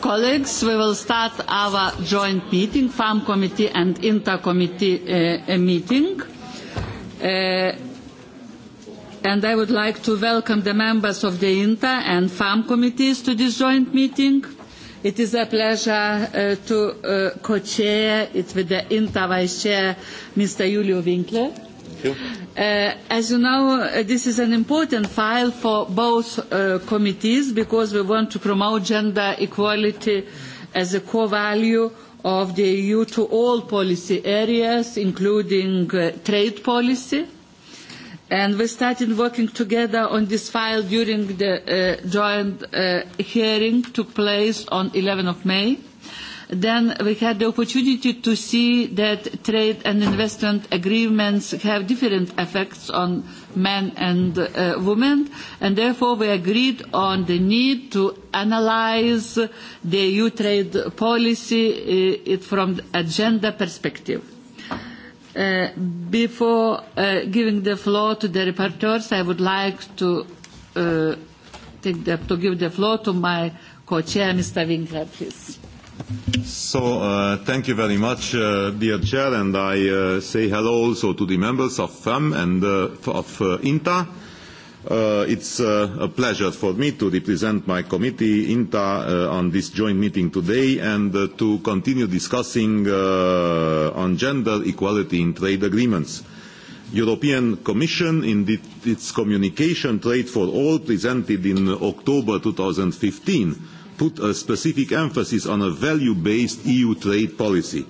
Colleagues, we will start our joint meeting, Farm Committee and Inter Committee uh, meeting. Uh, and I would like to welcome the members of the INTA and FARM committees to this joint meeting. It is a pleasure to co-chair it with the INTA Vice Chair, Mr. Julio Winkler as you know, this is an important file for both committees because we want to promote gender equality as a core value of the EU to all policy areas, including trade policy. And we started working together on this file during the joint hearing took place on 11 of May then we had the opportunity to see that trade and investment agreements have different effects on men and uh, women, and therefore we agreed on the need to analyze the EU trade policy uh, it from a gender perspective. Uh, before uh, giving the floor to the reporters, I would like to uh, take the, to give the floor to my co-chair, Mr. Winkler, please. So, uh, thank you very much, uh, dear Chair, and I uh, say hello also to the members of FEM and uh, of uh, INTA. Uh, it's uh, a pleasure for me to represent my committee, INTA, uh, on this joint meeting today and uh, to continue discussing uh, on gender equality in trade agreements. European Commission in the, its communication Trade for All presented in October 2015 put a specific emphasis on a value-based EU trade policy.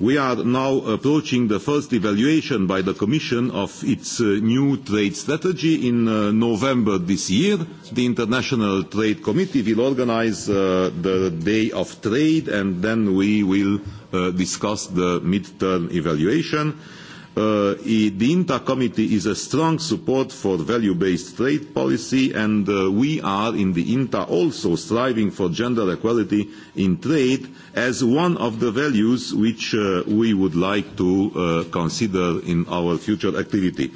We are now approaching the first evaluation by the Commission of its new trade strategy in November this year. The International Trade Committee will organise the Day of Trade and then we will discuss the mid term evaluation the INTA committee is a strong support for value-based trade policy, and we are in the INTA also striving for gender equality in trade as one of the values which we would like to consider in our future activity.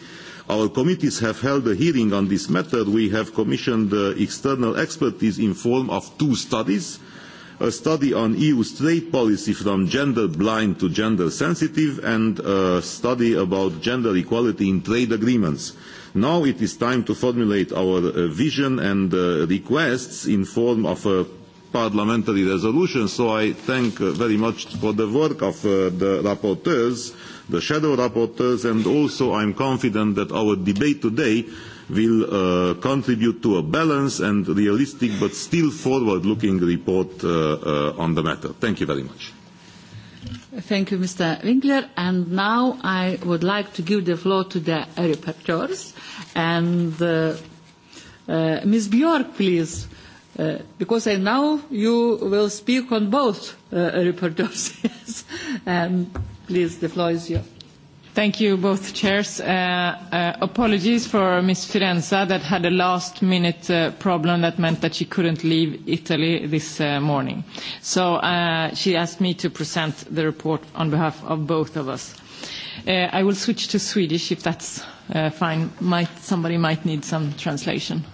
Our committees have held a hearing on this matter. We have commissioned external expertise in the form of two studies – a study on EU's trade policy from gender blind to gender sensitive, and a study about gender equality in trade agreements. Now it is time to formulate our vision and requests in the form of a parliamentary resolution, so I thank very much for the work of the rapporteurs, the shadow rapporteurs, and also I am confident that our debate today will contribute to a balanced and realistic but still forward-looking report on the matter. Thank you very much. Thank you, Mr. Winkler. And now I would like to give the floor to the rapporteurs. And uh, uh, Ms. Bjork, please, uh, because I know you will speak on both uh, rapporteurs. and please, the floor is yours. Thank you, both chairs. Apologies for Ms. Firenza that had a last-minute problem that meant that she couldn't leave Italy this morning. So She asked me to present the report on behalf of both of us. I will switch to Swedish if that's fine. Somebody might need some translation.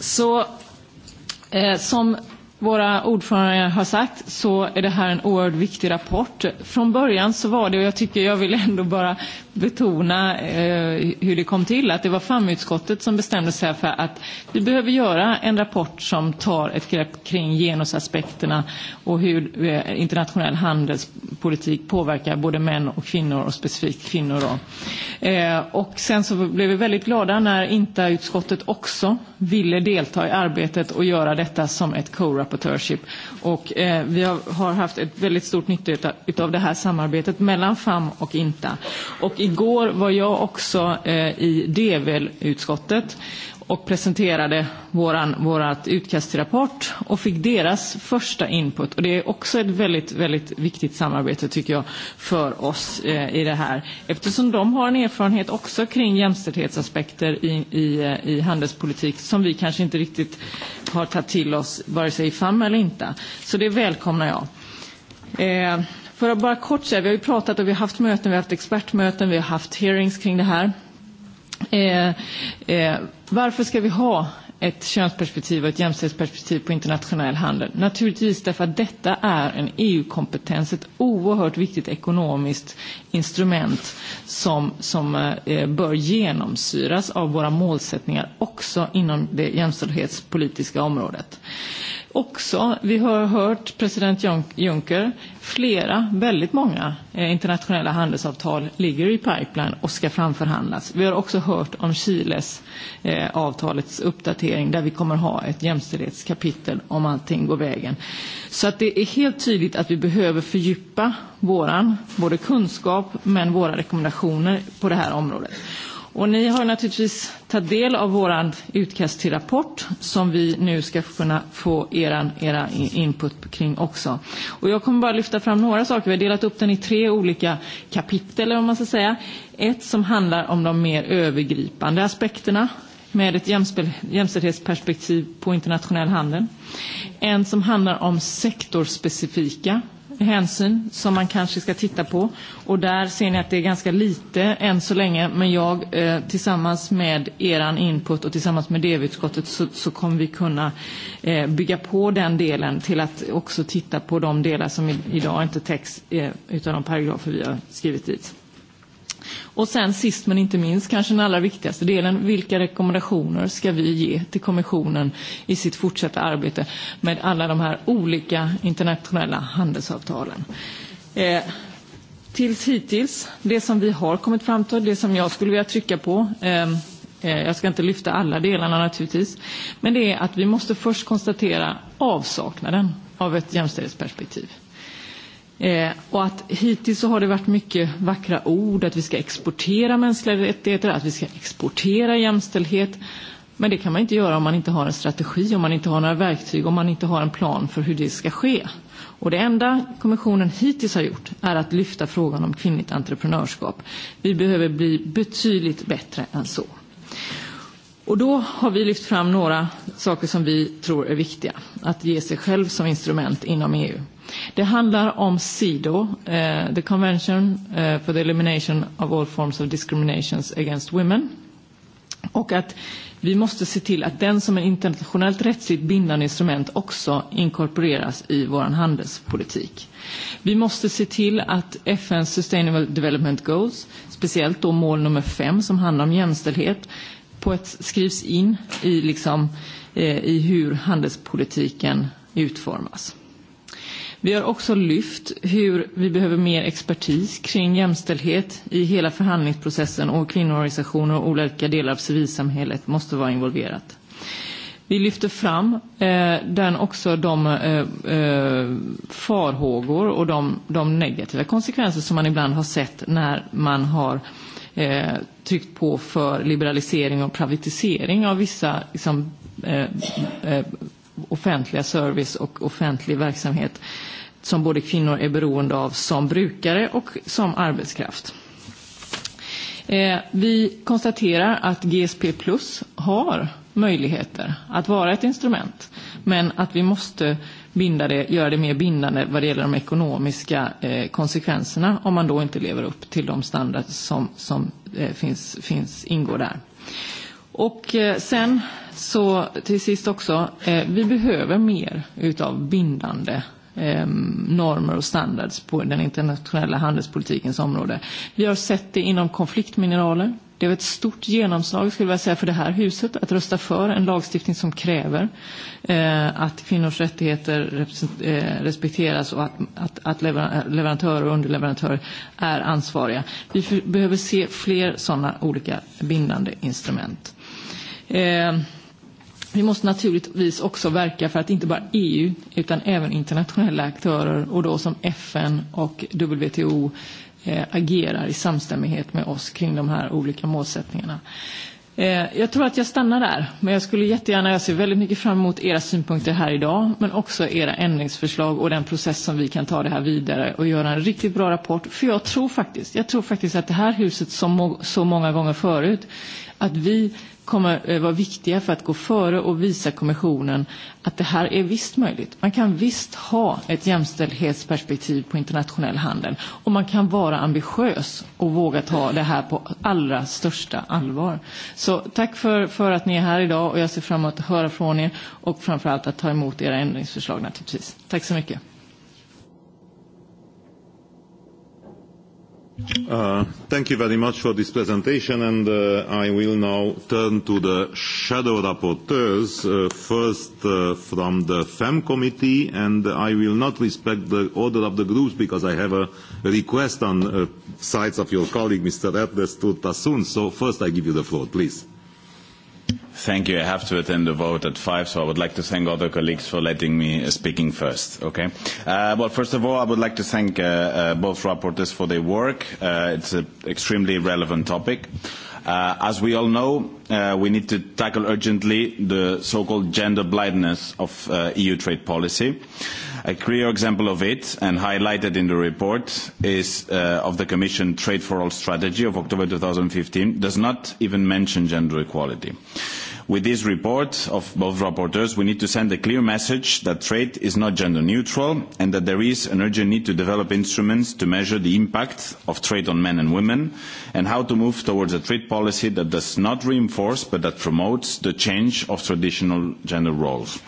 Som våra ordförande har sagt så är det här en oerhört viktig rapport. Från början så var det, och jag tycker jag vill ändå bara betona eh, hur det kom till, att det var FAM-utskottet som bestämde sig för att vi behöver göra en rapport som tar ett grepp kring genusaspekterna och hur internationell handelspolitik påverkar både män och kvinnor och specifikt kvinnor. Då. Eh, och sen så blev vi väldigt glada när INTA-utskottet också ville delta i arbetet och göra detta som ett co-rapportörship. Och eh, vi har, har haft ett väldigt stort nytta av det här samarbetet mellan FAM och INTA. Och igår var jag också i DVL-utskottet och presenterade vårt utkast till rapport och fick deras första input. Och det är också ett väldigt, väldigt viktigt samarbete tycker jag för oss eh, i det här. Eftersom de har en erfarenhet också kring jämställdhetsaspekter i, i, i handelspolitik som vi kanske inte riktigt har tagit till oss vare sig i FAM eller inte. Så det välkomnar jag. Eh, För att bara kort säga, vi har ju pratat och vi har haft möten, vi har haft expertmöten, vi har haft hearings kring det här. Eh, eh, varför ska vi ha ett könsperspektiv och ett jämställdhetsperspektiv på internationell handel? Naturligtvis därför att detta är en EU-kompetens, ett oerhört viktigt ekonomiskt instrument som, som eh, bör genomsyras av våra målsättningar också inom det jämställdhetspolitiska området också, vi har hört president Juncker, flera, väldigt många internationella handelsavtal ligger i pipeline och ska framförhandlas. Vi har också hört om Chiles avtalets uppdatering där vi kommer ha ett jämställdhetskapitel om allting går vägen. Så att det är helt tydligt att vi behöver fördjupa våran, både kunskap men våra rekommendationer på det här området. Och ni har naturligtvis tagit del av vår utkast till rapport som vi nu ska kunna få era, era input kring också. Och jag kommer bara lyfta fram några saker. Vi har delat upp den i tre olika kapitel, om man ska säga. Ett som handlar om de mer övergripande aspekterna med ett jämställdhetsperspektiv på internationell handel. En som handlar om sektorspecifika hänsyn som man kanske ska titta på. Och där ser ni att det är ganska lite än så länge, men jag tillsammans med er input och tillsammans med DV-utskottet så, så kommer vi kunna bygga på den delen till att också titta på de delar som idag inte täcks av utav de paragrafer vi har skrivit dit. Och sen sist men inte minst, kanske den allra viktigaste delen, vilka rekommendationer ska vi ge till kommissionen i sitt fortsatta arbete med alla de här olika internationella handelsavtalen? Eh, tills hittills, det som vi har kommit fram till, det som jag skulle vilja trycka på, eh, jag ska inte lyfta alla delarna naturligtvis, men det är att vi måste först konstatera avsaknaden av ett jämställdhetsperspektiv. Eh, och att hittills så har det varit mycket vackra ord, att vi ska exportera mänskliga rättigheter, att vi ska exportera jämställdhet. Men det kan man inte göra om man inte har en strategi, om man inte har några verktyg, om man inte har en plan för hur det ska ske. Och det enda kommissionen hittills har gjort är att lyfta frågan om kvinnligt entreprenörskap. Vi behöver bli betydligt bättre än så. Och då har vi lyft fram några saker som vi tror är viktiga att ge sig själv som instrument inom EU. Det handlar om CEDAW, uh, the Convention for the Elimination of All Forms of Discrimination Against Women. Och att vi måste se till att den som är internationellt rättsligt bindande instrument också inkorporeras i vår handelspolitik. Vi måste se till att FNs Sustainable Development Goals, speciellt då mål nummer fem som handlar om jämställdhet, på ett, skrivs in i, liksom, eh, i hur handelspolitiken utformas. Vi har också lyft hur vi behöver mer expertis kring jämställdhet i hela förhandlingsprocessen och kvinnoorganisationer och olika delar av civilsamhället måste vara involverat. Vi lyfter fram eh, den också de eh, farhågor och de, de negativa konsekvenser som man ibland har sett när man har eh, tryckt på för liberalisering och privatisering av vissa liksom, eh, eh, offentliga service och offentlig verksamhet som både kvinnor är beroende av som brukare och som arbetskraft. Eh, vi konstaterar att GSP Plus har möjligheter att vara ett instrument. Men att vi måste binda det, göra det mer bindande vad det gäller de ekonomiska eh, konsekvenserna om man då inte lever upp till de standarder som, som eh, finns, finns, ingår där. Och eh, sen så till sist också, eh, vi behöver mer utav bindande normer och standards på den internationella handelspolitikens område. Vi har sett det inom konfliktmineraler blev ett stort genomslag skulle jag säga för det här huset att rösta för en lagstiftning som kräver eh, att kvinnors rättigheter respekteras och att, att, att leverantörer och underleverantörer är ansvariga. Vi behöver se fler sådana olika bindande instrument. Eh, Vi måste naturligtvis också verka för att inte bara EU utan även internationella aktörer och då som FN och WTO agerar i samstämmighet med oss kring de här olika målsättningarna. Jag tror att jag stannar där, men jag skulle jättegärna, jag ser väldigt mycket fram emot era synpunkter här idag, men också era ändringsförslag och den process som vi kan ta det här vidare och göra en riktigt bra rapport. För jag tror faktiskt, jag tror faktiskt att det här huset som så många gånger förut, att vi kommer att vara viktiga för att gå före och visa kommissionen att det här är visst möjligt. Man kan visst ha ett jämställdhetsperspektiv på internationell handel och man kan vara ambitiös och våga ta det här på allra största allvar. Så tack för, för att ni är här idag och jag ser fram emot att höra från er och framförallt att ta emot era ändringsförslag naturligtvis. Tack så mycket. Thank you very much for this presentation, and I will now turn to the shadow rapporteurs, first from the FEM committee, and I will not respect the order of the groups because I have a request on uh, sides of your colleague, Mr. Ertes, to Tassoon. So first I give you the floor, please. Thank you. I have to attend the vote at five, so I would like to thank other colleagues for letting me speaking first. Okay. Uh, well, first of all, I would like to thank uh, uh, both rapporteurs for their work. Uh, it's an extremely relevant topic. Uh, as we all know, we need to tackle urgently the so-called gender blindness of EU trade policy. A clear example of it, and highlighted in the report, is of the Commission Trade for All strategy of October fifteen does not even mention gender equality. With this report of both rapporteurs, we need to send a clear message that trade is not gender neutral and that there is an urgent need to develop instruments to measure the impact of trade on men and women and how to move towards a trade policy that does not reinforce but that promotes the change of traditional gender roles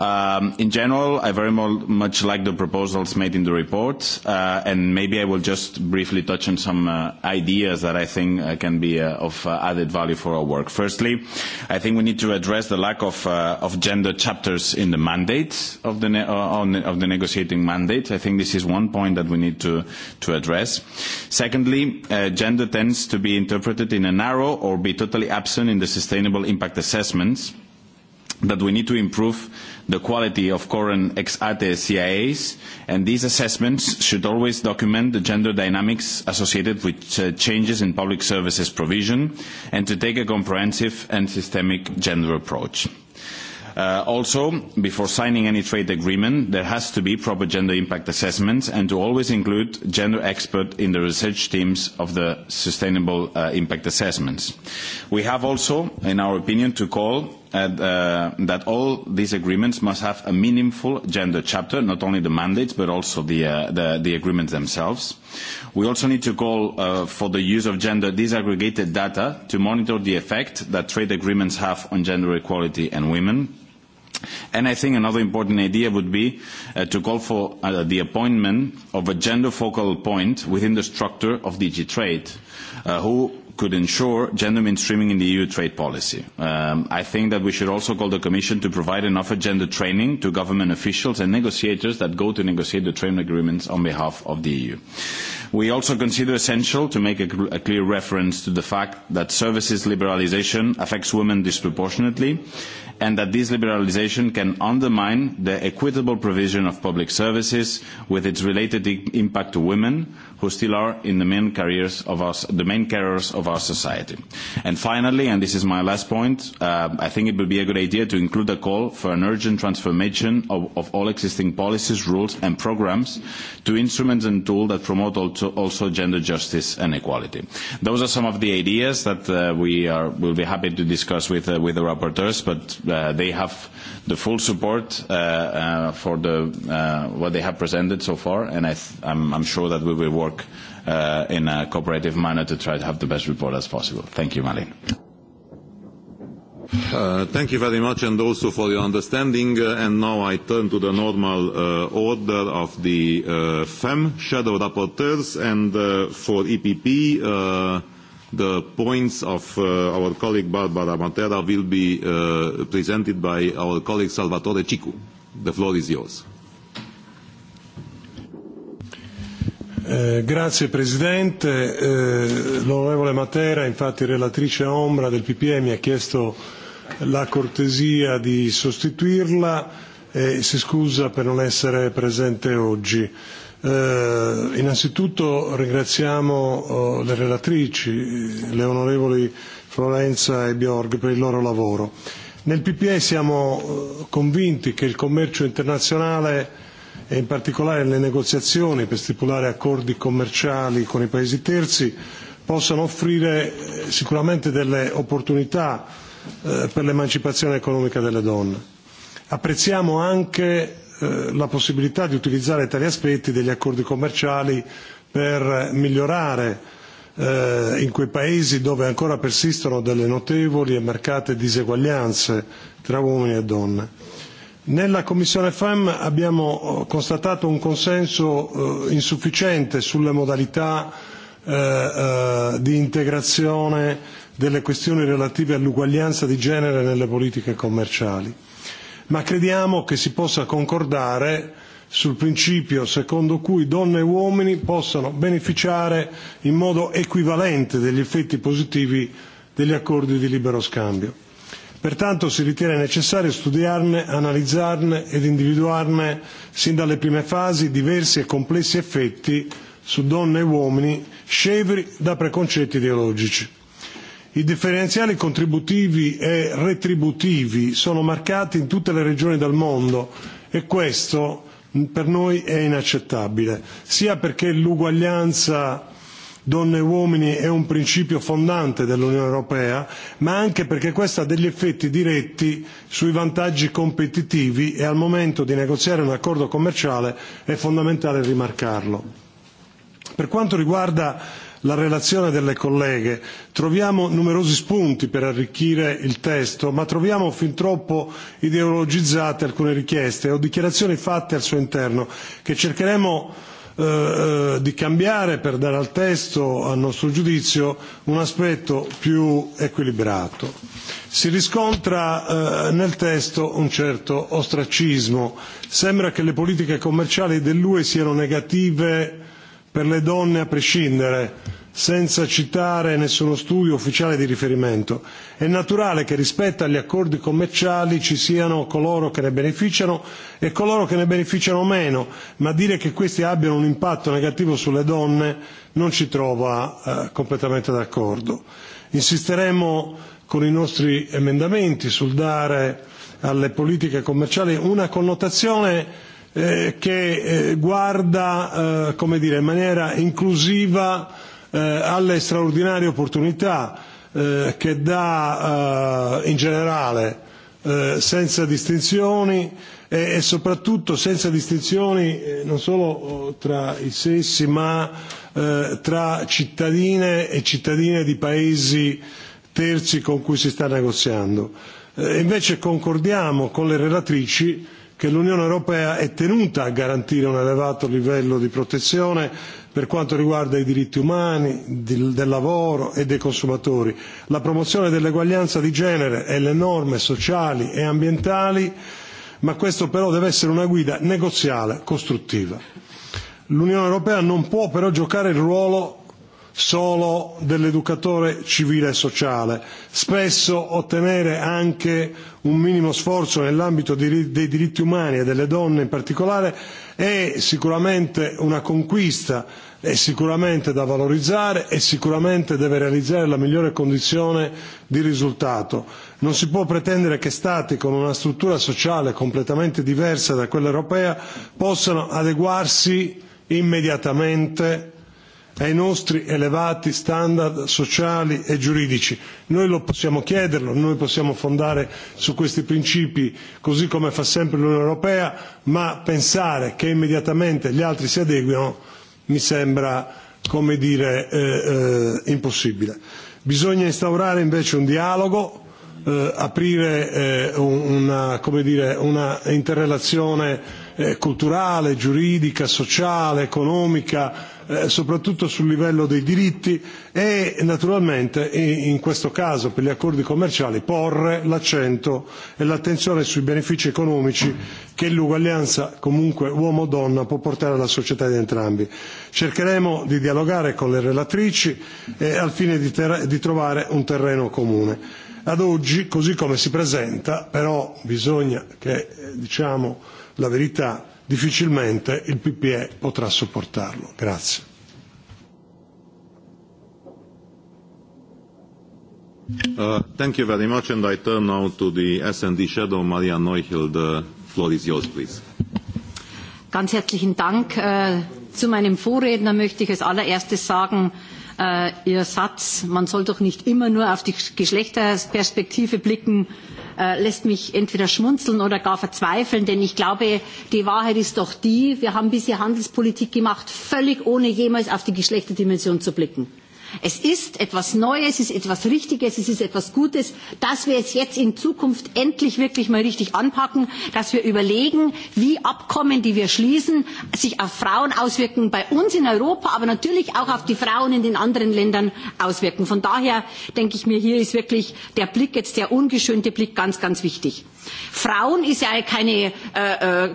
in general, I very much like the proposals made in the report, and maybe I will just briefly touch on some ideas that I think can be of added value for our work. Firstly, I think we need to address the lack of gender chapters in the mandate of the negotiating mandate. I think this is one point that we need to address. Secondly, gender tends to be interpreted in a narrow or be totally absent in the sustainable impact assessments that we need to improve the quality of current ex-ante CIAs, and these assessments should always document the gender dynamics associated with changes in public services provision and to take a comprehensive and systemic gender approach. also, before signing any trade agreement, there has to be proper gender impact assessments and to always include gender experts in the research teams of the sustainable impact assessments. We have also, in our opinion, to call and, uh, that all these agreements must have a meaningful gender chapter, not only the mandates but also the, uh, the, the agreements themselves. We also need to call uh, for the use of gender disaggregated data to monitor the effect that trade agreements have on gender equality and women. And I think another important idea would be uh, to call for uh, the appointment of a gender focal point within the structure of DG Trade, uh, who could ensure gender mainstreaming in the EU trade policy. I think that we should also call the Commission to provide and offer gender training to government officials and negotiators that go to negotiate the trade agreements on behalf of the EU. We also consider essential to make a, clear reference to the fact that services liberalisation affects women disproportionately and that this liberalisation can undermine the equitable provision of public services with its related impact to women who still are in the main careers of us, the main carers of our society. And finally, and this is my last point, uh, I think it would be a good idea to include a call for an urgent transformation of, of all existing policies, rules and programs to instruments and tools that promote also, also gender justice and equality. Those are some of the ideas that uh, we are, will be happy to discuss with, uh, with the rapporteurs, but uh, they have the full support uh, uh, for the, uh, what they have presented so far, and I th- I'm, I'm sure that we will work in a cooperative manner to try to have the best report as possible. Thank you, Malin. thank you very much and also for your understanding. and now I turn to the normal order of the FEM shadow rapporteurs and for EPP, the points of our colleague Barbara Matera will be presented by our colleague Salvatore Cicu. The floor is yours. Signor Presidente, l'onorevole Matera, infatti relatrice ombra del PPE, mi ha chiesto la cortesia di sostituirla e si scusa per non essere presente oggi. innanzitutto ringraziamo le relatrici, le onorevoli Florenza e Bjorg, per il loro lavoro. Nel PPE siamo convinti che il commercio internazionale e in particolare le negoziazioni per stipulare accordi commerciali con i paesi terzi possano offrire sicuramente delle opportunità per l'emancipazione economica delle donne. Apprezziamo anche la possibilità di utilizzare tali aspetti degli accordi commerciali per migliorare in quei paesi dove ancora persistono delle notevoli e marcate diseguaglianze tra uomini e donne. Nella Commissione FAM abbiamo constatato un consenso eh, insufficiente sulle modalità eh, di integrazione delle questioni relative all'uguaglianza di genere nelle politiche commerciali, ma crediamo che si possa concordare sul principio secondo cui donne e uomini possano beneficiare in modo equivalente degli effetti positivi degli accordi di libero scambio Pertanto si ritiene necessario studiarne, analizzarne ed individuarne sin dalle prime fasi diversi e complessi effetti su donne e uomini scevri da preconcetti ideologici. I differenziali contributivi e retributivi sono marcati in tutte le regioni del mondo e questo per noi è inaccettabile, sia perché l'uguaglianza donne e uomini è un principio fondante dell'Unione Europea, ma anche perché questo ha degli effetti diretti sui vantaggi competitivi e al momento di negoziare un accordo commerciale è fondamentale rimarcarlo. Per quanto riguarda la relazione delle colleghe, troviamo numerosi spunti per arricchire il testo, ma troviamo fin troppo ideologizzate alcune richieste o dichiarazioni fatte al suo interno che cercheremo di cambiare per dare al testo, a nostro giudizio, un aspetto più equilibrato. Si riscontra nel testo un certo ostracismo. Sembra che le politiche commerciali dell'UE siano negative per le donne a prescindere senza citare nessuno studio ufficiale di riferimento. È naturale che rispetto agli accordi commerciali ci siano coloro che ne beneficiano e coloro che ne beneficiano meno, ma dire che questi abbiano un impatto negativo sulle donne non ci trova eh, completamente d'accordo. Insisteremo con i nostri emendamenti sul dare alle politiche commerciali una connotazione eh, che eh, guarda eh, come dire, in maniera inclusiva alle straordinarie opportunità che dà in generale senza distinzioni e, soprattutto senza distinzioni non solo tra i sessi ma tra cittadine e cittadine di paesi terzi con cui si sta negoziando. invece concordiamo con le relatrici che l'Unione Europea è tenuta a garantire un elevato livello di protezione per quanto riguarda i diritti umani, del lavoro e dei consumatori, la promozione dell'eguaglianza di genere e le norme sociali e ambientali, ma questo però deve essere una guida negoziale costruttiva. L'Unione Europea non può però giocare il ruolo solo dell'educatore civile e sociale, spesso ottenere anche un minimo sforzo nell'ambito dei diritti umani e delle donne in particolare È sicuramente una conquista, è sicuramente da valorizzare e sicuramente deve realizzare la migliore condizione di risultato. Non si può pretendere che Stati con una struttura sociale completamente diversa da quella europea possano adeguarsi immediatamente ai nostri elevati standard sociali e giuridici. Noi lo possiamo chiederlo, noi possiamo fondare su questi principi così come fa sempre l'Unione Europea, ma pensare che immediatamente gli altri si adeguino mi sembra, come dire, eh, eh, impossibile. Bisogna instaurare invece un dialogo, eh, aprire eh, una, come dire, una interrelazione eh, culturale, giuridica, sociale, economica, soprattutto sul livello dei diritti e naturalmente in questo caso per gli accordi commerciali porre l'accento e l'attenzione sui benefici economici che l'uguaglianza comunque uomo-donna può portare alla società di entrambi. Cercheremo di dialogare con le relatrici al fine di trovare un terreno comune. Ad oggi, così come si presenta, però bisogna che diciamo la verità, difficilmente il PPE potrà sopportarlo. Grazie. Uh, thank you very much, and I turn now to the shadow, Maria Neuchel. The floor is yours, please. Ganz herzlichen Dank. Zu meinem Vorredner möchte ich als allererstes sagen, Ihr Satz, man soll doch nicht immer nur auf die Geschlechterperspektive blicken, lässt mich entweder schmunzeln oder gar verzweifeln, denn ich glaube, die Wahrheit ist doch die, wir haben bisher Handelspolitik gemacht, völlig ohne jemals auf die Geschlechterdimension zu blicken. Es ist etwas Neues, es ist etwas Richtiges, es ist etwas Gutes, dass wir es jetzt in Zukunft endlich wirklich mal richtig anpacken, dass wir überlegen, wie Abkommen, die wir schließen, sich auf Frauen auswirken, bei uns in Europa, aber natürlich auch auf die Frauen in den anderen Ländern auswirken. Von daher denke ich mir, hier ist wirklich der Blick, jetzt der ungeschönte Blick, ganz, ganz wichtig. Frauen ist ja keine,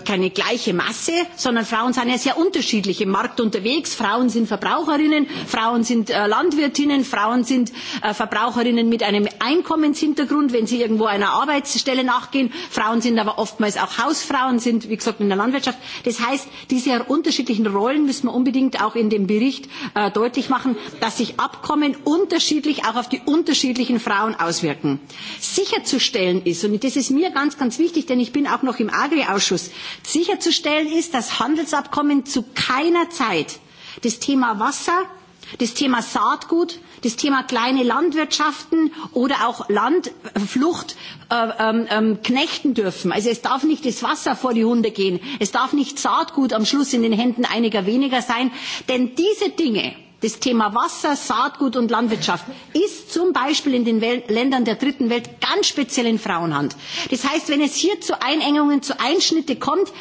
keine gleiche Masse, sondern Frauen sind ja sehr unterschiedlich im Markt unterwegs. Frauen sind Verbraucherinnen, Frauen sind Landwirtinnen, Frauen sind Verbraucherinnen mit einem Einkommenshintergrund, wenn sie irgendwo einer Arbeitsstelle nachgehen. Frauen sind aber oftmals auch Hausfrauen, sind wie gesagt in der Landwirtschaft. Das heißt, diese unterschiedlichen Rollen müssen wir unbedingt auch in dem Bericht deutlich machen, dass sich Abkommen unterschiedlich auch auf die unterschiedlichen Frauen auswirken. Sicherzustellen ist, und das ist mir ganz, ganz wichtig, denn ich bin auch noch im Agri-Ausschuss, sicherzustellen ist, dass Handelsabkommen zu keiner Zeit das Thema Wasser, das Thema Saatgut, das Thema kleine Landwirtschaften oder auch Landflucht knechten dürfen. Also es darf nicht das Wasser vor die Hunde gehen, es darf nicht Saatgut am Schluss in den Händen einiger weniger sein, denn diese Dinge, Das Thema Wasser, Saatgut und Landwirtschaft ist zum Beispiel in den Ländern der dritten Welt ganz speziell in Frauenhand. Das heißt, wenn es hier zu Einengungen, zu Einschnitte kommt,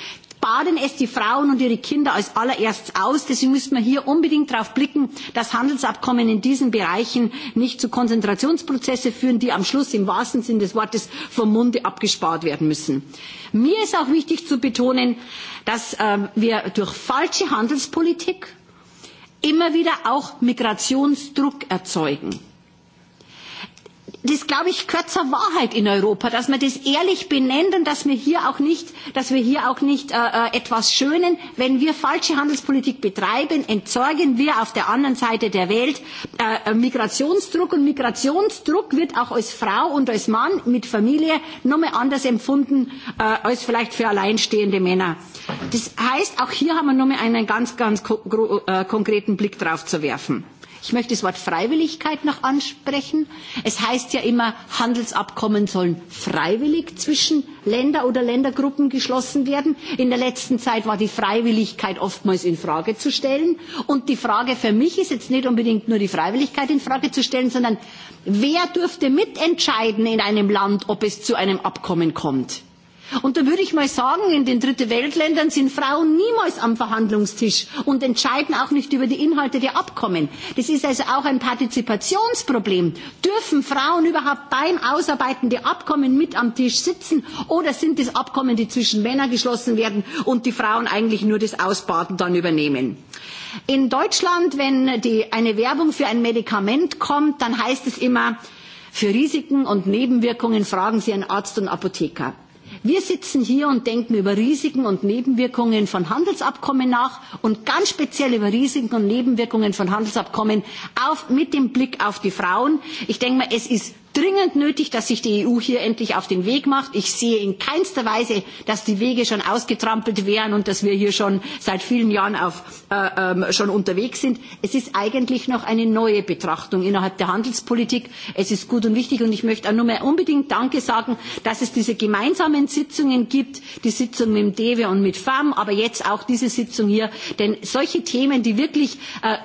baden es die Frauen und ihre Kinder als allererstes aus. Deswegen müssen wir hier unbedingt darauf blicken, dass Handelsabkommen in diesen Bereichen nicht zu Konzentrationsprozesse führen, die am Schluss im wahrsten Sinne des Wortes vom Munde abgespart werden müssen. Mir ist auch wichtig zu betonen, dass wir durch falsche Handelspolitik immer wieder auch Migrationsdruck erzeugen das glaube ich gehört zur Wahrheit in Europa, dass wir das ehrlich benennen und dass wir hier auch nicht, dass wir hier auch nicht etwas schönen. Wenn wir falsche Handelspolitik betreiben, entsorgen wir auf der anderen Seite der Welt Migrationsdruck und Migrationsdruck wird auch als Frau und als Mann mit Familie nochmal anders empfunden als vielleicht für alleinstehende Männer. Das heißt, auch hier haben wir nochmal einen ganz, ganz konkreten Blick drauf zu werfen. Ich möchte das Wort Freiwilligkeit noch ansprechen. Es heißt ja immer, Handelsabkommen sollen freiwillig zwischen Länder oder Ländergruppen geschlossen werden. In der letzten Zeit war die Freiwilligkeit oftmals in Frage zu stellen. Und die Frage für mich ist jetzt nicht unbedingt nur die Freiwilligkeit in Frage zu stellen, sondern wer dürfte mitentscheiden in einem Land, ob es zu einem Abkommen kommt? Und da würde ich mal sagen, in den Dritte Weltländern sind Frauen niemals am Verhandlungstisch und entscheiden auch nicht über die Inhalte der Abkommen. Das ist also auch ein Partizipationsproblem. Dürfen Frauen überhaupt beim Ausarbeiten der Abkommen mit am Tisch sitzen oder sind es Abkommen, die zwischen Männern geschlossen werden und die Frauen eigentlich nur das Ausbaden dann übernehmen? In Deutschland, wenn eine Werbung für ein Medikament kommt, dann heißt es immer, für Risiken und Nebenwirkungen fragen Sie einen Arzt und Apotheker. Wir sitzen hier und denken über Risiken und Nebenwirkungen von Handelsabkommen nach und ganz speziell über Risiken und Nebenwirkungen von Handelsabkommen mit dem Blick auf die Frauen. Ich denke mal, es ist dringend nötig, dass sich die EU hier endlich auf den Weg macht. Ich sehe in keinster Weise, dass die Wege schon ausgetrampelt wären und dass wir hier schon seit vielen Jahren schon unterwegs sind. Es ist eigentlich noch eine neue Betrachtung innerhalb der Handelspolitik. Es ist gut und wichtig und ich möchte auch nur mal unbedingt Danke sagen, dass es diese gemeinsamen Sitzungen gibt, die Sitzung mit dem DEWE und mit FAM, aber jetzt auch diese Sitzung hier. Denn solche Themen, die wirklich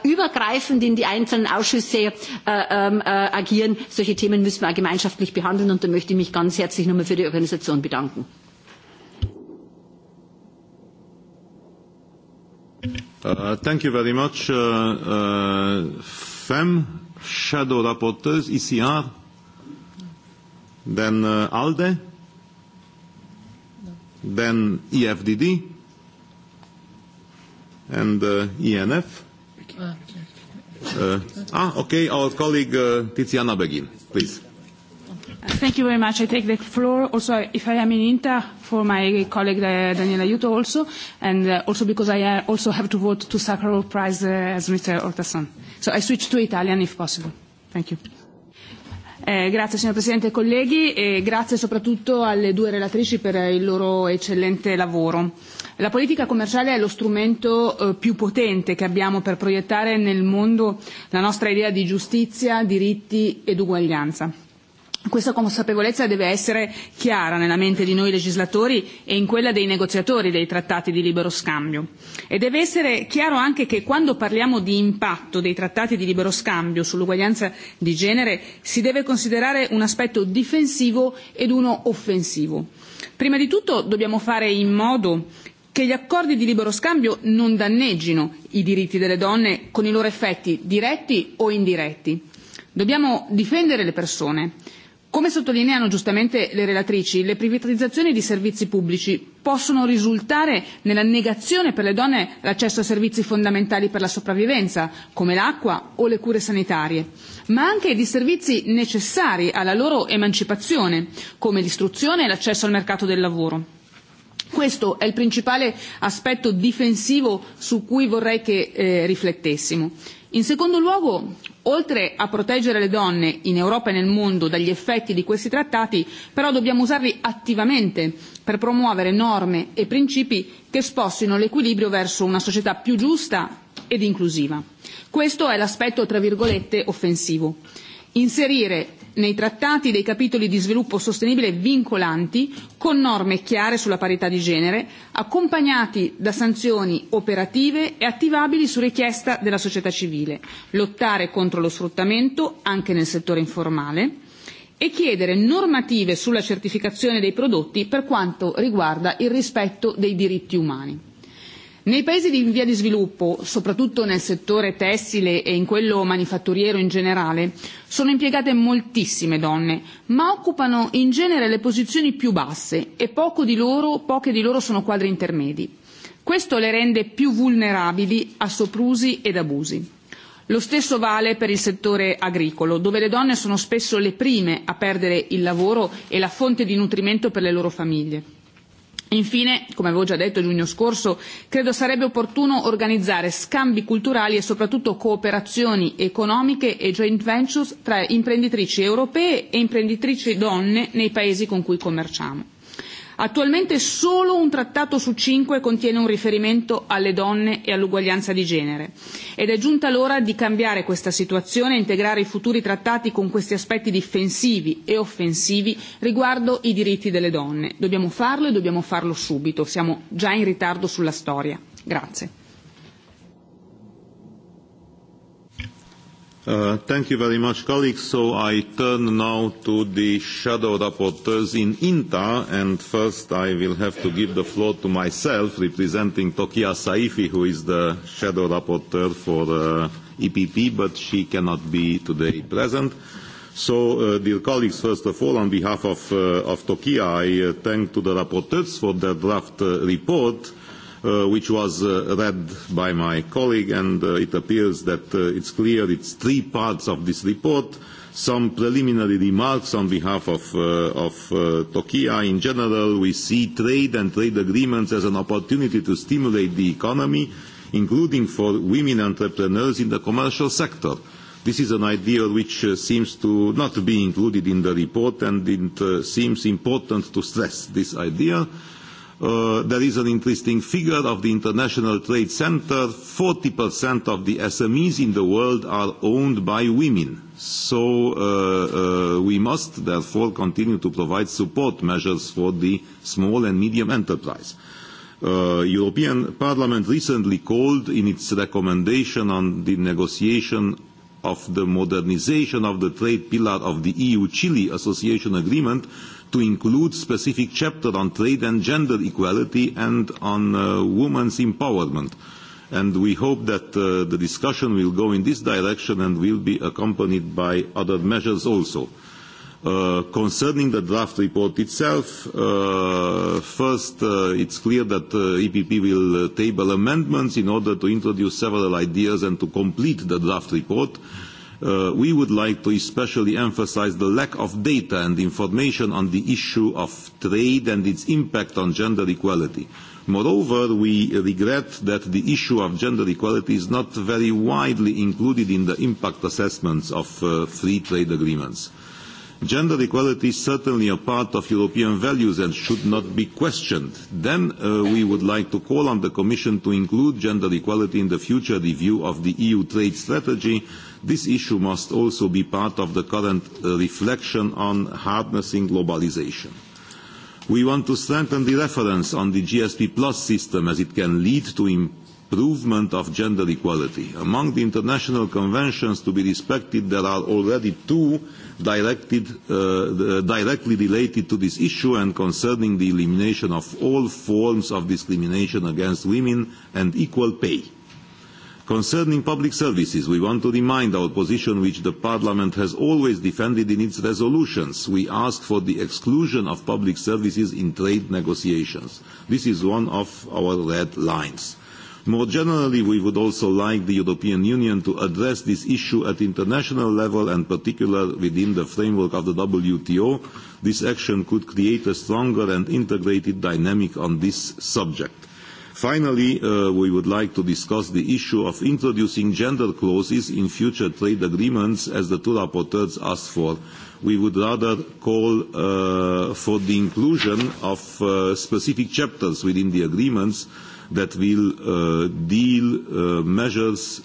übergreifend in die einzelnen Ausschüsse agieren, solche Themen müssen müssen wir auch gemeinschaftlich behandeln. Und da möchte ich mich ganz herzlich nochmal für die Organisation bedanken. thank you very much. FEM, Shadow Rapporteurs, ECR, then ALDE, then EFDD, and ENF. ah, okay, our colleague Tiziana Begin, please. Thank you very much. I take the floor also, if I am in Inter for my colleague uh, Daniela Juto also, and uh, also because I uh, also have to vote to Sakharov Prize uh, as Mr. Ortason. So I switch to Italian if possible. Thank you. Eh, grazie signor Presidente e colleghi e grazie soprattutto alle due relatrici per il loro eccellente lavoro. La politica commerciale è lo strumento più potente che abbiamo per proiettare nel mondo la nostra idea di giustizia, diritti ed uguaglianza Questa consapevolezza deve essere chiara nella mente di noi legislatori e in quella dei negoziatori dei trattati di libero scambio e deve essere chiaro anche che quando parliamo di impatto dei trattati di libero scambio sull'uguaglianza di genere si deve considerare un aspetto difensivo ed uno offensivo. Prima di tutto dobbiamo fare in modo che gli accordi di libero scambio non danneggino i diritti delle donne con i loro effetti diretti o indiretti. Dobbiamo difendere le persone Come sottolineano giustamente le relatrici, le privatizzazioni di servizi pubblici possono risultare nella negazione per le donne l'accesso a servizi fondamentali per la sopravvivenza, come l'acqua o le cure sanitarie, ma anche di servizi necessari alla loro emancipazione, come l'istruzione e l'accesso al mercato del lavoro. Questo è il principale aspetto difensivo su cui vorrei che riflettessimo. In secondo luogo, oltre a proteggere le donne in Europa e nel mondo dagli effetti di questi trattati, però dobbiamo usarli attivamente per promuovere norme e principi che spostino l'equilibrio verso una società più giusta ed inclusiva. Questo è l'aspetto, tra virgolette, offensivo. Inserire nei trattati dei capitoli di sviluppo sostenibile vincolanti, con norme chiare sulla parità di genere, accompagnati da sanzioni operative e attivabili su richiesta della società civile, lottare contro lo sfruttamento anche nel settore informale e chiedere normative sulla certificazione dei prodotti per quanto riguarda il rispetto dei diritti umani. Nei paesi in via di sviluppo, soprattutto nel settore tessile e in quello manifatturiero in generale, sono impiegate moltissime donne, ma occupano in genere le posizioni più basse e poco di loro, poche di loro sono quadri intermedi. Questo le rende più vulnerabili a soprusi ed abusi. Lo stesso vale per il settore agricolo, dove le donne sono spesso le prime a perdere il lavoro e la fonte di nutrimento per le loro famiglie Infine, come avevo già detto giugno scorso, credo sarebbe opportuno organizzare scambi culturali e soprattutto cooperazioni economiche e joint ventures tra imprenditrici europee e imprenditrici donne nei paesi con cui commerciamo Attualmente solo un trattato su cinque contiene un riferimento alle donne e all'uguaglianza di genere ed è giunta l'ora di cambiare questa situazione e integrare i futuri trattati con questi aspetti difensivi e offensivi riguardo i diritti delle donne. Dobbiamo farlo e dobbiamo farlo subito, siamo già in ritardo sulla storia. Grazie. thank you very much, colleagues. So I turn now to the shadow rapporteurs in INTA, and first I will have to give the floor to myself, representing Tokia Saifi, who is the shadow rapporteur for uh, EPP, but she cannot be today present. So, uh, dear colleagues, first of all, on behalf of, uh, of Tokia, I uh, thank to the rapporteurs for their draft uh, report which was uh, read by my colleague, and uh, it appears that uh, it's clear it's three parts of this report. Some preliminary remarks on behalf of, uh, of uh, Tokia. In general, we see trade and trade agreements as an opportunity to stimulate the economy, including for women entrepreneurs in the commercial sector. This is an idea which uh, seems to not be included in the report and it uh, seems important to stress this idea. Uh, there is an interesting figure of the International Trade Center. 40% of the SMEs in the world are owned by women. So uh, uh, we must therefore continue to provide support measures for the small and medium enterprise. Uh, European Parliament recently called in its recommendation on the negotiation of the modernization of the trade pillar of the EU-Chile Association Agreement to include specific chapter on trade and gender equality and on uh, women's empowerment. And we hope that uh, the discussion will go in this direction and will be accompanied by other measures also concerning the draft report itself, uh, first, uh, it's clear that uh, EPP will uh, table amendments in order to introduce several ideas and to complete the draft report. Uh, we would like to especially emphasize the lack of data and information on the issue of trade and its impact on gender equality. Moreover, we regret that the issue of gender equality is not very widely included in the impact assessments of uh, free trade agreements. Gender equality is certainly a part of European values and should not be questioned. Then we would like to call on the Commission to include gender equality in the future review of the EU trade strategy. This issue must also be part of the current reflection on harnessing globalisation. We want to strengthen the reference on the GSP Plus system as it can lead to improvement of gender equality. Among the international conventions to be respected, there are already two directed, uh, directly related to this issue and concerning the elimination of all forms of discrimination against women and equal pay. Concerning public services, we want to remind our position which the Parliament has always defended in its resolutions. We ask for the exclusion of public services in trade negotiations. This is one of our red lines. More generally, we would also like the European Union to address this issue at international level and particularly within the framework of the WTO. This action could create a stronger and integrated dynamic on this subject. Finally, we would like to discuss the issue of introducing gender clauses in future trade agreements as the two rapporteurs asked for. We would rather call for the inclusion of specific chapters within the agreements that will uh, deal uh, measures,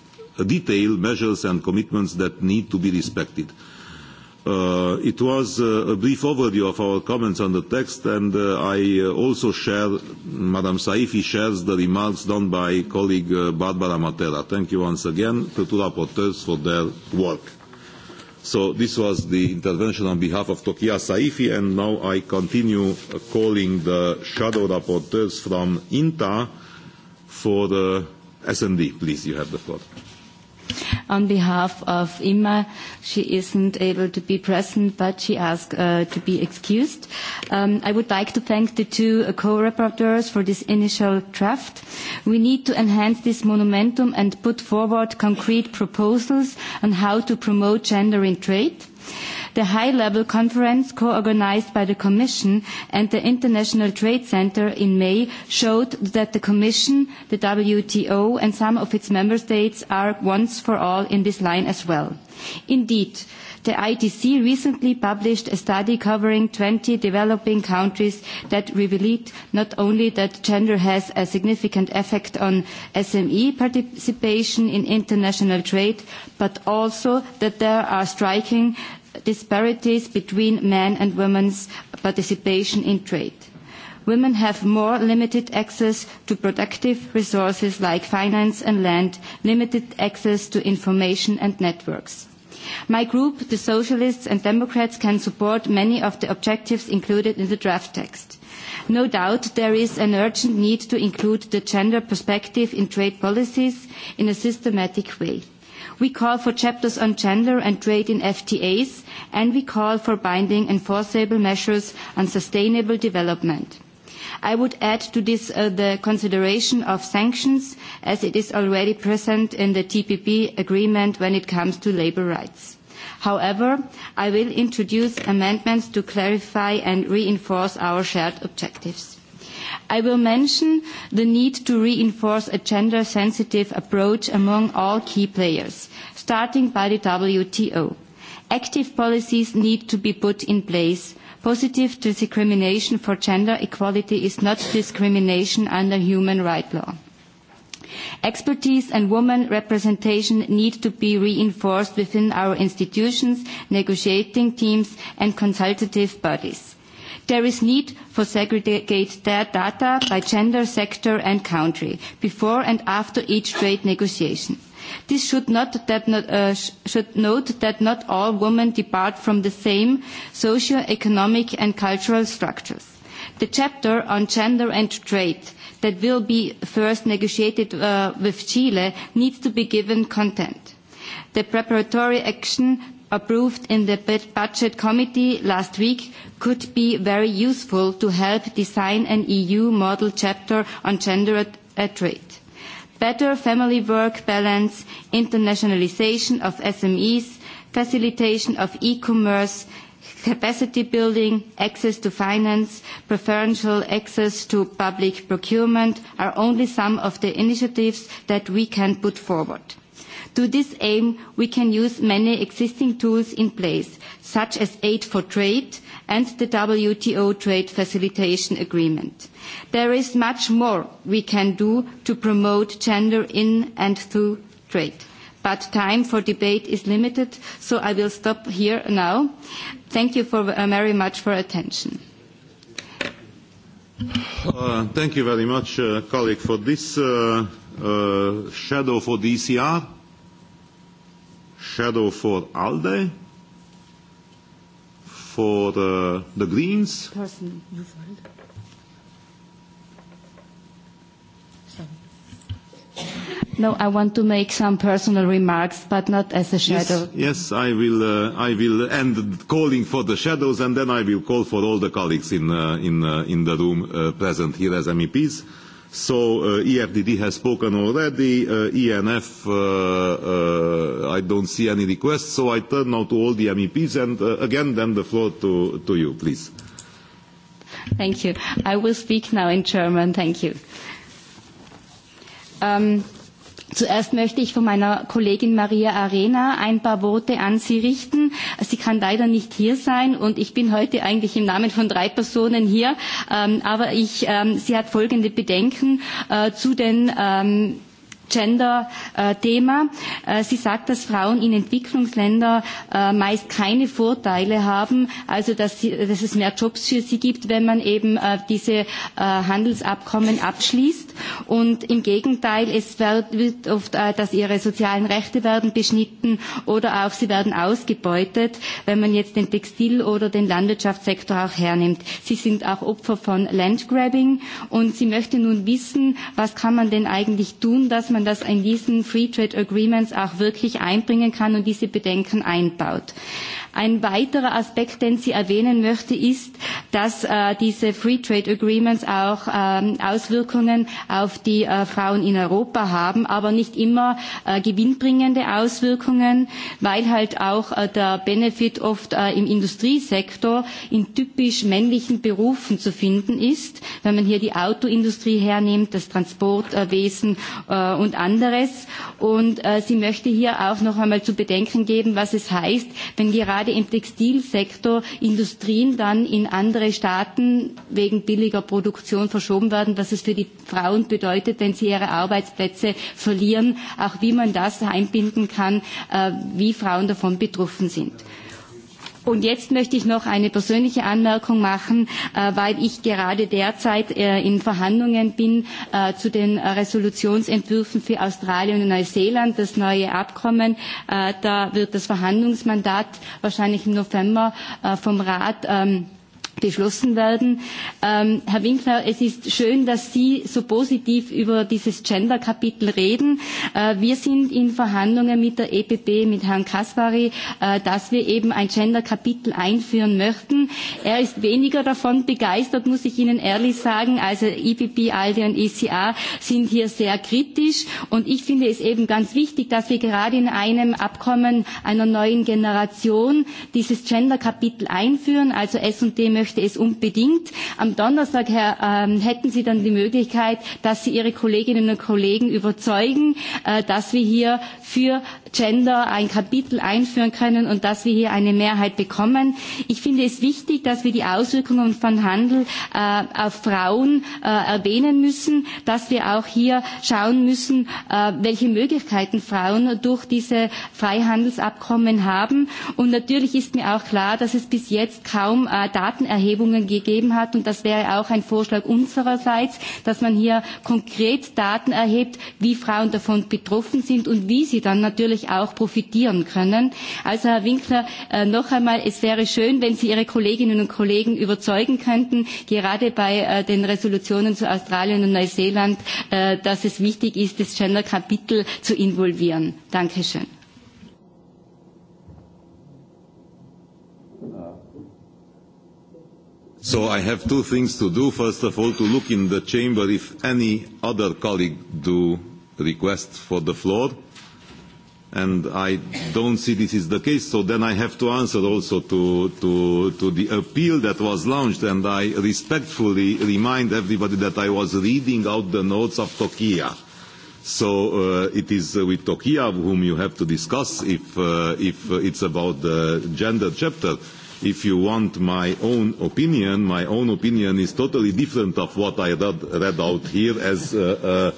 detail measures and commitments that need to be respected. Uh, it was uh, a brief overview of our comments on the text, and uh, I also share, Madam Saifi shares the remarks done by colleague uh, Barbara Matera. Thank you once again to two rapporteurs for their work. So this was the intervention on behalf of Tokia Saifi, and now I continue calling the shadow rapporteurs from INTA for the S&D. Please, you have the floor. On behalf of Imma, she isn't able to be present, but she asked uh, to be excused. Um, I would like to thank the two co-rapporteurs for this initial draft. We need to enhance this momentum and put forward concrete proposals on how to promote gender in trade the high-level conference co organised by the Commission and the International Trade Centre in May showed that the Commission, the WTO, and some of its member states are once for all in this line as well. Indeed, the ITC recently published a study covering 20 developing countries that revealed not only that gender has a significant effect on SME participation in international trade, but also that there are striking disparities between men and women's participation in trade. Women have more limited access to productive resources like finance and land, limited access to information and networks. My group, the Socialists and Democrats, can support many of the objectives included in the draft text. No doubt there is an urgent need to include the gender perspective in trade policies in a systematic way. We call for chapters on gender and trade in FTAs, and we call for binding enforceable measures on sustainable development. I would add to this the consideration of sanctions, as it is already present in the TPP agreement when it comes to labour rights. However, I will introduce amendments to clarify and reinforce our shared objectives. I will mention the need to reinforce a gender-sensitive approach among all key players, starting by the WTO. Active policies need to be put in place. Positive discrimination for gender equality is not discrimination under human rights law. Expertise and women representation need to be reinforced within our institutions, negotiating teams and consultative bodies There is need for segregate their data by gender, sector and country before and after each trade negotiation. This should, not that not, uh, should note that not all women depart from the same socio-economic and cultural structures. The chapter on gender and trade that will be first negotiated uh, with Chile needs to be given content. The preparatory action approved in the Budget Committee last week could be very useful to help design an EU model chapter on gender at rate. Better family-work balance, internationalisation of SMEs, facilitation of e-commerce, capacity building, access to finance, preferential access to public procurement are only some of the initiatives that we can put forward. To this aim, we can use many existing tools in place, such as Aid for Trade and the WTO Trade Facilitation Agreement. There is much more we can do to promote gender in and through trade but time for debate is limited, so I will stop here now. Thank you very much for attention. thank you very much, colleague, for this shadow for the ECR shadow for ALDE, for the, the Greens. Person, No, I want to make some personal remarks, but not as a shadow. Yes, yes I will. Uh, I will end calling for the shadows, and then I will call for all the colleagues in uh, in uh, in the room uh, present here as MEPs So has spoken already. ENF, I don't see any requests, so I turn now to all the MEPs, and again, then the floor to you, please. Thank you. I will speak now in German. Thank you. Zuerst möchte ich von meiner Kollegin Maria Arena ein paar Worte an Sie richten. Sie kann leider nicht hier sein und ich bin heute eigentlich im Namen von drei Personen hier. aber ich, sie hat folgende Bedenken zu den Gender-Thema. Sie sagt, dass Frauen in Entwicklungsländern meist keine Vorteile haben, also dass, es mehr Jobs für sie gibt, wenn man eben diese Handelsabkommen abschließt. Und im Gegenteil, es wird oft, dass ihre sozialen Rechte werden beschnitten oder auch sie werden ausgebeutet, wenn man jetzt den Textil- oder den Landwirtschaftssektor auch hernimmt. Sie sind auch Opfer von Landgrabbing und sie möchte nun wissen, was kann man denn eigentlich tun, dass man das in diesen Free Trade Agreements auch wirklich einbringen kann und diese Bedenken einbaut. Ein weiterer Aspekt, den Sie erwähnen möchte, ist, dass äh, diese Free Trade Agreements auch ähm, Auswirkungen auf die äh, Frauen in Europa haben, aber nicht immer äh, gewinnbringende Auswirkungen, weil halt auch äh, der Benefit oft äh, im Industriesektor in typisch männlichen Berufen zu finden ist, wenn man hier die Autoindustrie hernimmt, das Transportwesen äh, und anderes. Und äh, sie möchte hier auch noch einmal zu bedenken geben, was es heißt, wenn gerade gerade im Textilsektor Industrien dann in andere Staaten wegen billiger Produktion verschoben werden, was es für die Frauen bedeutet, wenn sie ihre Arbeitsplätze verlieren, auch wie man das einbinden kann, wie Frauen davon betroffen sind. Und jetzt möchte ich noch eine persönliche Anmerkung machen, weil ich gerade derzeit in Verhandlungen bin zu den Resolutionsentwürfen für Australien und Neuseeland. Das neue Abkommen, da wird das Verhandlungsmandat wahrscheinlich im November vom Rat beschlossen werden. Ähm, Herr Winkler, es ist schön, dass Sie so positiv über dieses Gender-Kapitel reden. Äh, wir sind in Verhandlungen mit der EPP, mit Herrn Kaspari, äh, dass wir eben ein Gender-Kapitel einführen möchten. Er ist weniger davon begeistert, muss ich Ihnen ehrlich sagen. Also EPP, ALDE und ECA sind hier sehr kritisch. Und ich finde es eben ganz wichtig, dass wir gerade in einem Abkommen einer neuen Generation dieses Gender-Kapitel einführen. Also S&D möchte möchte es unbedingt. Am Donnerstag Herr, ähm, hätten Sie dann die Möglichkeit, dass Sie Ihre Kolleginnen und Kollegen überzeugen, äh, dass wir hier für Gender ein Kapitel einführen können und dass wir hier eine Mehrheit bekommen. Ich finde es wichtig, dass wir die Auswirkungen von Handel äh, auf Frauen äh, erwähnen müssen, dass wir auch hier schauen müssen, äh, welche Möglichkeiten Frauen durch diese Freihandelsabkommen haben. Und natürlich ist mir auch klar, dass es bis jetzt kaum äh, Daten Erhebungen gegeben hat. Und das wäre auch ein Vorschlag unsererseits, dass man hier konkret Daten erhebt, wie Frauen davon betroffen sind und wie sie dann natürlich auch profitieren können. Also Herr Winkler, noch einmal, es wäre schön, wenn Sie Ihre Kolleginnen und Kollegen überzeugen könnten, gerade bei den Resolutionen zu Australien und Neuseeland, dass es wichtig ist, das Gender-Kapitel zu involvieren. Dankeschön. So I have two things to do. First of all, to look in the chamber if any other colleague do request for the floor. And I don't see this is the case, so then I have to answer also to, to, to the appeal that was launched, and I respectfully remind everybody that I was reading out the notes of Tokia. So uh, it is uh, with Tokia whom you have to discuss if, uh, if it's about the gender chapter if you want my own opinion, my own opinion is totally different of what I read, read out here as a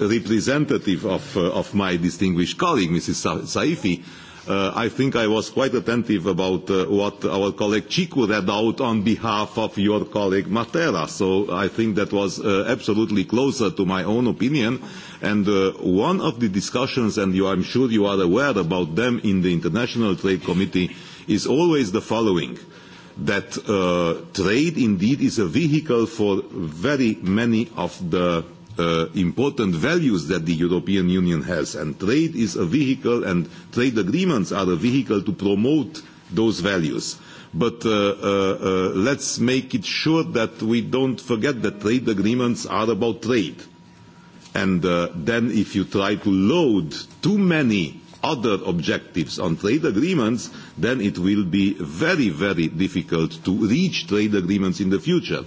a representative of, uh, of my distinguished colleague, Mrs. Sa Saifi. Uh, I think I was quite attentive about uh, what our colleague Chiku read out on behalf of your colleague Matera. So I think that was uh, absolutely closer to my own opinion. And uh, one of the discussions, and you, I'm sure you are aware about them in the International Trade Committee, is always the following that uh, trade indeed is a vehicle for very many of the uh, important values that the European Union has. And trade is a vehicle, and trade agreements are a vehicle to promote those values. But uh, uh, uh, let's make it sure that we don't forget that trade agreements are about trade. And uh, then if you try to load too many other objectives on trade agreements, then it will be very, very difficult to reach trade agreements in the future.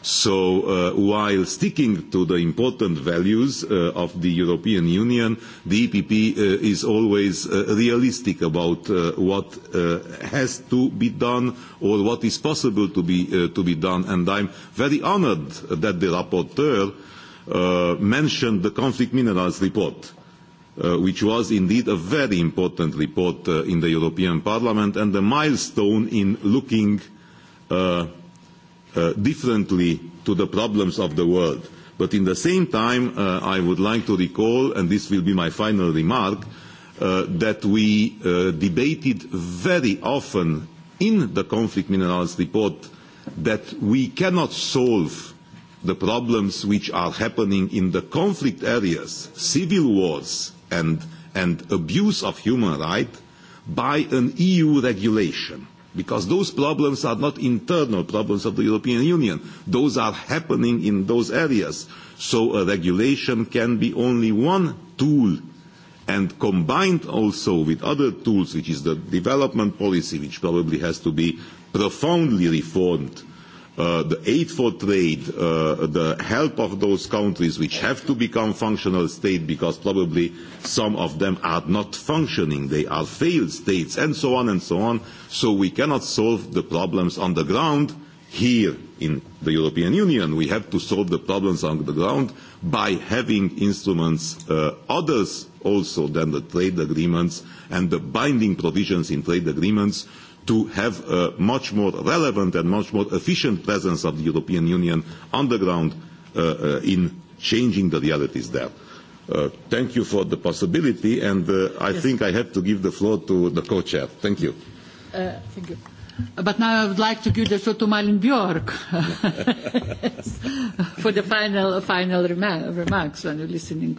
So while sticking to the important values of the European Union, the EPP is always realistic about what has to be done or what is possible to be, done. And I am very honoured that the rapporteur mentioned the conflict minerals report which was indeed a very important report in the European Parliament and a milestone in looking differently to the problems of the world. But at the same time, I would like to recall, and this will be my final remark, that we debated very often in the conflict minerals report that we cannot solve the problems which are happening in the conflict areas, civil wars, and, and abuse of human rights by an EU regulation. Because those problems are not internal problems of the European Union. Those are happening in those areas. So a regulation can be only one tool and combined also with other tools, which is the development policy, which probably has to be profoundly reformed uh, the aid for trade, the help of those countries which have to become functional states because probably some of them are not functioning, they are failed states, and so on and so on. So we cannot solve the problems on the ground here in the European Union. We have to solve the problems on the ground by having instruments others also than the trade agreements and the binding provisions in trade agreements to have a much more relevant and much more efficient presence of the European Union on the ground in changing the realities there. thank you for the possibility, and I think I have to give the floor to the co-chair. Thank you. thank you. But now I would like to give the floor to Malin Bjork for the final, final remarks when you're listening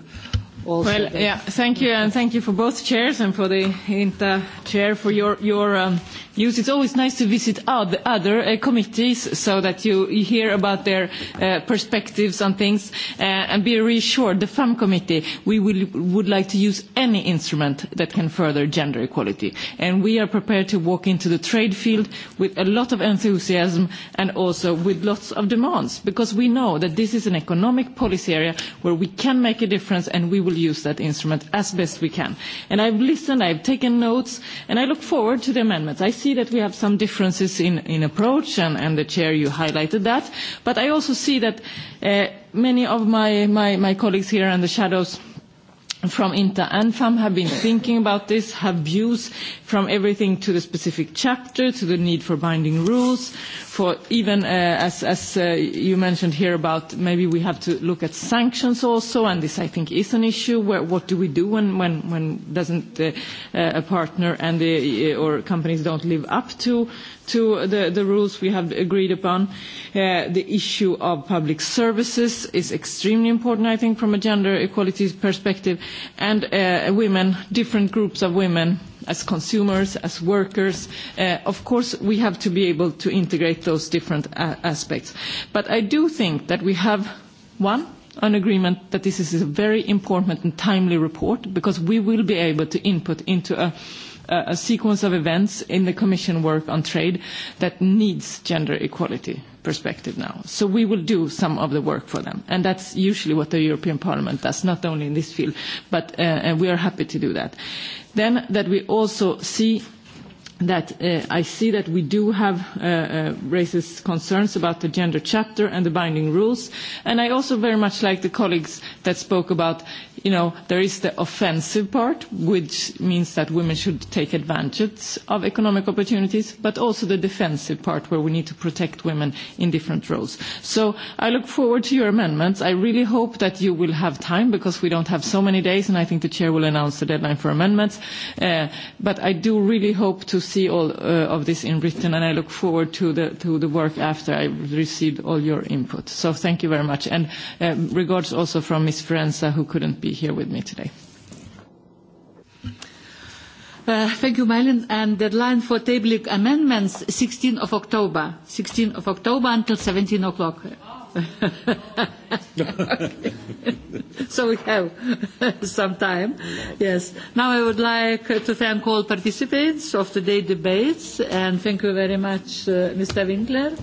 also. Well, yeah, thank you, and thank you for both chairs and for the INTA chair for your, your um, use. It's always nice to visit other, other uh, committees so that you hear about their uh, perspectives on things uh, and be reassured, the FAM committee, we will, would like to use any instrument that can further gender equality. And we are prepared to walk into the trade field with a lot of enthusiasm and also with lots of demands because we know that this is an economic policy area where we can make a difference and we will use that instrument as best we can. And I've listened, I've taken notes, and I look forward to the amendments. I see that we have some differences in, in approach, and, and the chair, you highlighted that. But I also see that uh, many of my, my, my colleagues here and the shadows from INTA and FAM have been thinking about this, have views from everything to the specific chapter, to the need for binding rules, for even as, as you mentioned here about maybe we have to look at sanctions also, and this I think is an issue. Where, what do we do when, when, when doesn't a partner and the, or companies don't live up to to the, the rules we have agreed upon. Uh, the issue of public services is extremely important, I think, from a gender equality perspective. And uh, women, different groups of women as consumers, as workers. of course, we have to be able to integrate those different aspects. But I do think that we have, one, an agreement that this is a very important and timely report because we will be able to input into a a sequence of events in the Commission work on trade that needs gender equality perspective now. So we will do some of the work for them. And that's usually what the European Parliament does, not only in this field, but uh, and we are happy to do that. Then that we also see that uh, I see that we do have uh, uh, raises concerns about the gender chapter and the binding rules. And I also very much like the colleagues that spoke about, you know, there is the offensive part, which means that women should take advantage of economic opportunities, but also the defensive part where we need to protect women in different roles. So I look forward to your amendments. I really hope that you will have time because we don't have so many days and I think the chair will announce the deadline for amendments. Uh, but I do really hope to see all uh, of this in written, and I look forward to the, to the work after I received all your input. So thank you very much. And uh, regards also from Ms. Ferenza, who couldn't be here with me today. Uh, thank you, Malin. And deadline for tabling amendments, 16 of October. 16 of October until 17 o'clock. Oh so we have some time. Yes. Now I would like to thank all participants of today's debates and thank you very much, uh, Mr. Winkler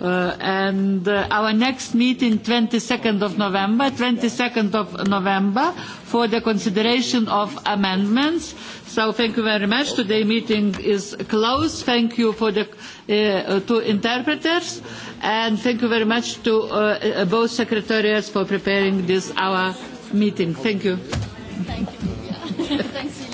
and our next meeting 22nd of November, 22nd of November for the consideration of amendments. So thank you very much. Today meeting is closed. Thank you for the uh, two interpreters and thank you very much to uh, both secretariats for preparing this our meeting. Thank you. Thank you. Thanks.